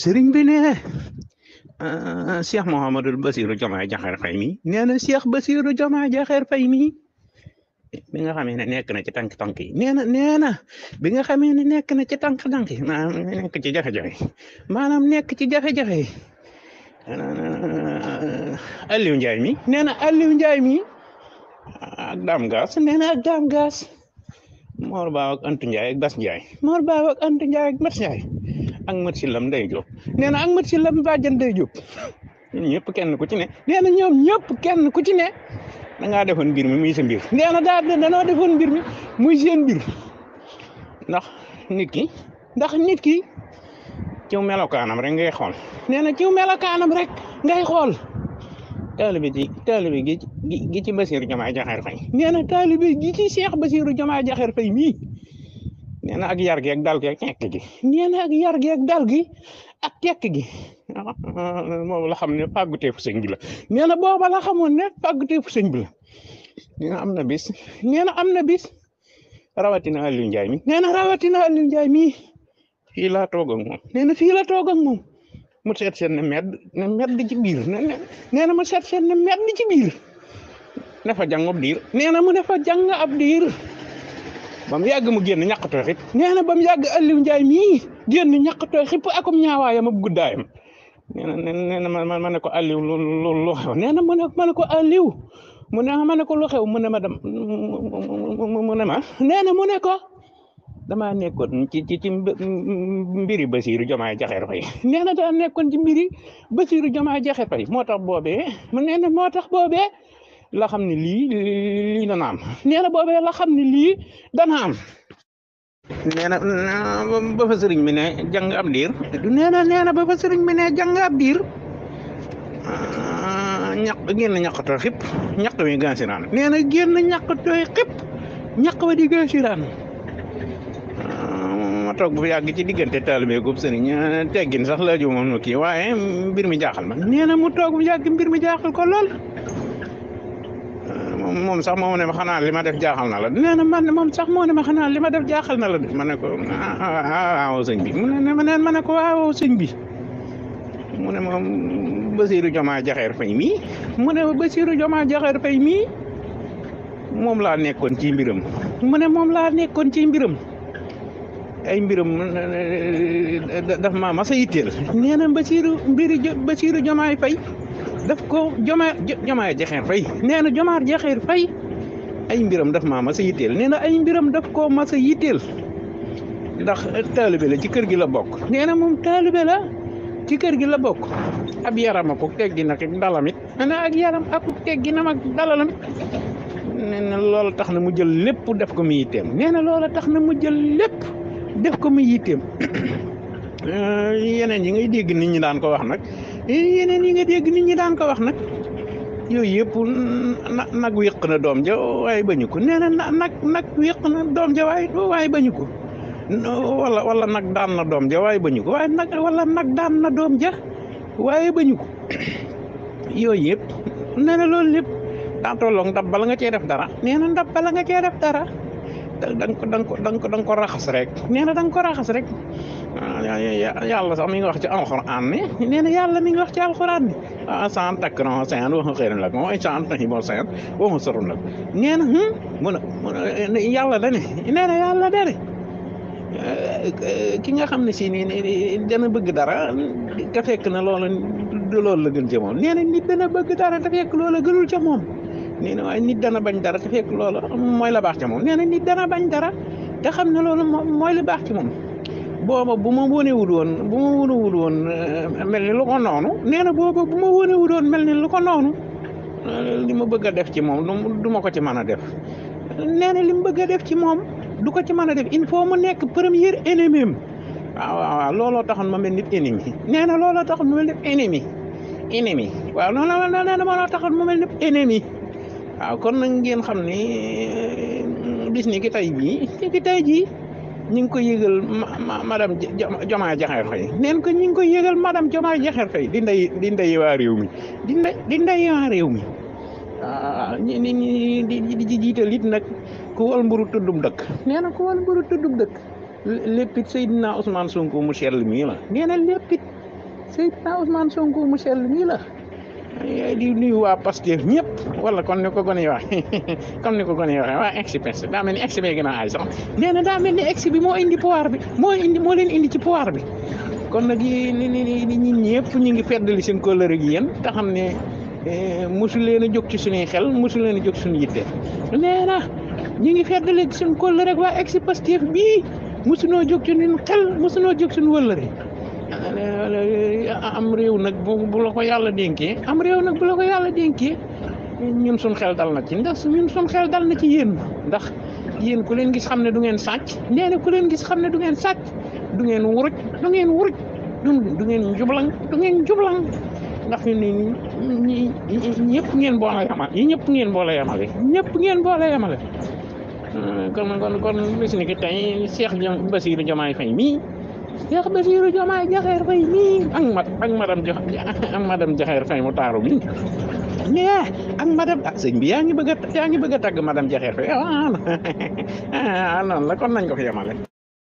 sëriñ bi nee na ah, Cheikh Mouhamadul Basiru Jomaay Jaxeer Fay mi nee na Cheikh Basiru Jomaay Jaxeer Fay mi bi nga xamee ne nekk na ci tànk tànk yi nee na nee na bi nga xamee ne nekk na ci tànk tànk yi maanaam nekk ci jafe-jafe maanaam nekk ci jafe-jafe ah, Aliou Ndiaye mi nee na Aliou Ndiaye mi ak daam gaas nee na ak daam gaas Mor Baaw ak Antu Ndiaye ak Bas Ndiaye Mor Baaw Antu Ndiaye ak Bas ak mat si lam day jóg nee na ak mat si lam bàjjan day jóg ñoom kenn ku ci ne nee na ñoom kenn ku ci ne da ngaa defoon mbir mi muy sa mbir nee na daa danoo defoon mbir mi muy seen mbir ndax nit ki ndax nit ki ciw melokaanam rek ngay xool nee na ciw melokaanam rek ngay xool taalibe ci taalibe gi ci Basiiru Jomaay Jaxeer Fay nee na gi ci Seex Basiiru Jomaay Jaxeer Fay mii nee ak yar gi ak dal gi ak nek gi nee na ak yar gi ak dal gi ak tek gi moom la xamne ne fu sëñ bi la nee boba la xamone ne fu sëñ bi la amna bis am amna bis rawati na alu njay bis rawatina rawati na alu njay mi fi la togo mom moom fi la togo mom mu set sen med ne med ci bir nee mu seet seen ci bir ne fa jàng ab mu ne fa ab ba mu yàgg mu génn ñàqatoo xip nee ba mu yàgg Aliou Ndiaye mii génn ñàqatoo xip akum ñaawaayam ak guddaayam nee ma ma ne ko Aliou lu lu xew nee ma ne ko Aliou mu ne ma ne ko lu xew mu ne ma dem mu ne ma na mu ne ko damaa nekkoon ci ci ci mbiri Basiiru Jomaay Jaxeer Fay nee daa nekkoon ci mbiri Basiiru Jomaay Jaxeer Fay moo tax boobee mu moo tax boobee la xamni li li na dana am nee na la xamni li da dana am nee ba fa serigne mi ne jang am dir du neena neena ba fa serigne mi ne nyak dir ah, ñak genn ñak to xip ñak wi gansiran neena genn ñak to xip ñak wa di gansiran ah, ma tok bu yàgg ci diggante talibé gub serigne teggin sax laaju moom ki waye mbir mi jaaxal ma neena mu tok bu yàgg mbir mi jaaxal ko lol moom sax moo ne ma xanaa li ma def jaaxal na la nee na man moom sax ne ma li ma def jaaxal na la ma ne ko ah waaw sëñ bi mu ne ma ne ma ne ko waaw sëñ bi mu ne ma Basiirou Diomaye Diakhar Faye mii mu ne ma Basiirou Diomaye Diakhar mii moom laa nekkoon ci mbiram mu ne moom laa nekkoon ci mbiram ay mbiram eh, eh, eh, daf maa ma a yitteel nee na Basiirou mbiri Basiirou Diomaye daf ko joma jomaay jaxeer fay neena na jomaar fay ay mbiram daf ma ma sa yitel neena ay mbiram daf ko ma sa yitel ndax talibé la ci kër gi la bok neena mom talibé la ci kër gi la bok ab yaram ko teggi nak dalamit ana ak yaram ak teggi nam ak dalalamit neena na taxna mu jël lepp def ko mi yitem neena na taxna mu jël lepp def ko mi yitem yeneen yi ngay deg nit ñi daan ko wax nak yeneen yi nga dégg nit ñi daan ko wax nag yooyu yëpp nag wéq na doom ja waaye ko nee na nag nag wéq na doom ja waaye bañu ko wala wala nag daan na doom ja waaye bañu ko waaye nag walla nag daan na doom ja waaye bañu ko yooyu yëpp nee loolu lépp daa tolloog ndab bala nga cee def dara nee na ndab bala nga cee def dara da ko da nga ko da nga ko raxas rek nee na da nga ko raxas rek ah, yàlla sax mi ngi wax ci alxuraan ne nee yàlla mi ngi wax ci alxuraan ne ah sant ak non a waxu xëy na la mooy sant nañu boo sant waxu sorul la nee na hmm? mun a eh, yàlla da ne nee na yàlla da ne eh, ki nga xam ne si nii dana bëgg dara te fekk na loolu du loolu la gën ca moom nee na nit dana bëgg dara te fekk loolu la gënul ca moom. nee na dana bañ dara te mooy la baax ci moom nee na bañ dara te xam ne loolu mooy la baax ci moom booba bu ma wóonewul woon bu ma wóonewul woon eh, mel ni lu ko noonu na booba bu ma mel ni lu ko noonu li ma bëgg def ci moom du ma ko ci mën a def nee li mu bëgg a def ci moom du ko ci mën a def il faut mu nekk premier ennemi am waaw waaw waaw looloo taxoon ma mel nit ennemi nee na looloo taxoon ma mel nit ennemi ennemi waaw noonu la nee ma loo taxoon ma mel nit ennemi waaw kon nag ngeen xam ni bis euh, ni ki tey jii ni ki tey jii ñu ngi ko yëgal madame Diomaye Diakhar fay neen ko ñu ngi ko yëgal madame Diomaye Diakhar fay di ndey di ndey waa réew mi di ndey di ndey waa réew mi waaw ah, ñi ni di di ci jiital it nag ku wal mburu tuddum dëkk nee na ku wal mburu tuddum dëkk léppit Seydina Ousmane Sonko mu sell mii la nee na léppit Seydina Ousmane Sonko mu sell mii la Eh, di nuyu waa Pastef ñëpp wala kon ni ko gone yi wax comme ni ko gone yi waxee daa mel ni ex bee gën a aay sax nee daa mel ni ex bi moo indi pouvoir bi moo indi moo leen indi ci pouvoir bi kon nag yi ni ni ni ñun ñëpp ñu ngi feddali seen kóllëre gi yéen te xam ne eh, mosu leen a jóg ci suñuy xel mosu leen a jóg suñu yitte nee ñu ngi feddali seen kóllëre ak waa ex Pastef bii mosunoo jóg ci suñu xel mosunoo jóg suñu wëllëre Eh, am réew nag bu la ko yàlla dénkee am réew nag bu la ko yàlla dénkee ñun suñ xel dal na ci ndax ñun suñ xel dal na ci yéen ndax yéen ku leen gis xam ne du ngeen sàcc nee ku leen gis xam ne du ngeen sàcc du ngeen wuruj du ngeen wuruj du ngeen jublang du ngeen jublang ndax ñu ne ñi ñëpp ngeen boole yamal yi ñëpp ngeen boole yamale ñëpp ngeen boole yamale eh, kon kon kon bis ni ki tey Cheikh Basirou Diomaye Faye mii Cheikh Bassirou Diomaye Diakhar Faye mii ak ma ak madame ak mu taaru bi mais ak madame ah bi yaa ngi bëgg a yaa ngi bëgg a tàgg madame Diakhar ah, ah, ah, la kon nañ ko fi